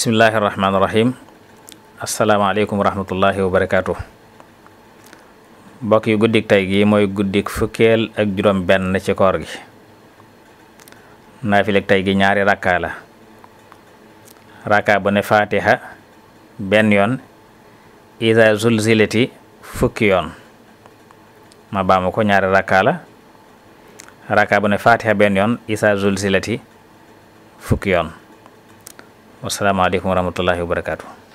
bismillahi rahmaani rahim asalaamaaleykum wa rahmatullahi barakaatu mbokk yi guddik tey gi mooy guddik fukkeel ak juróom benn ci koor gi naafileg tey gi ñaari rakkaa la rakkaa bu ne fatiha yoon isa zulzilati ko ñaari rakkaa la bu ne fatiha benn yoon isa fukki yoon wasalaamaaleykum wa rahmatullahi wa barakaatu.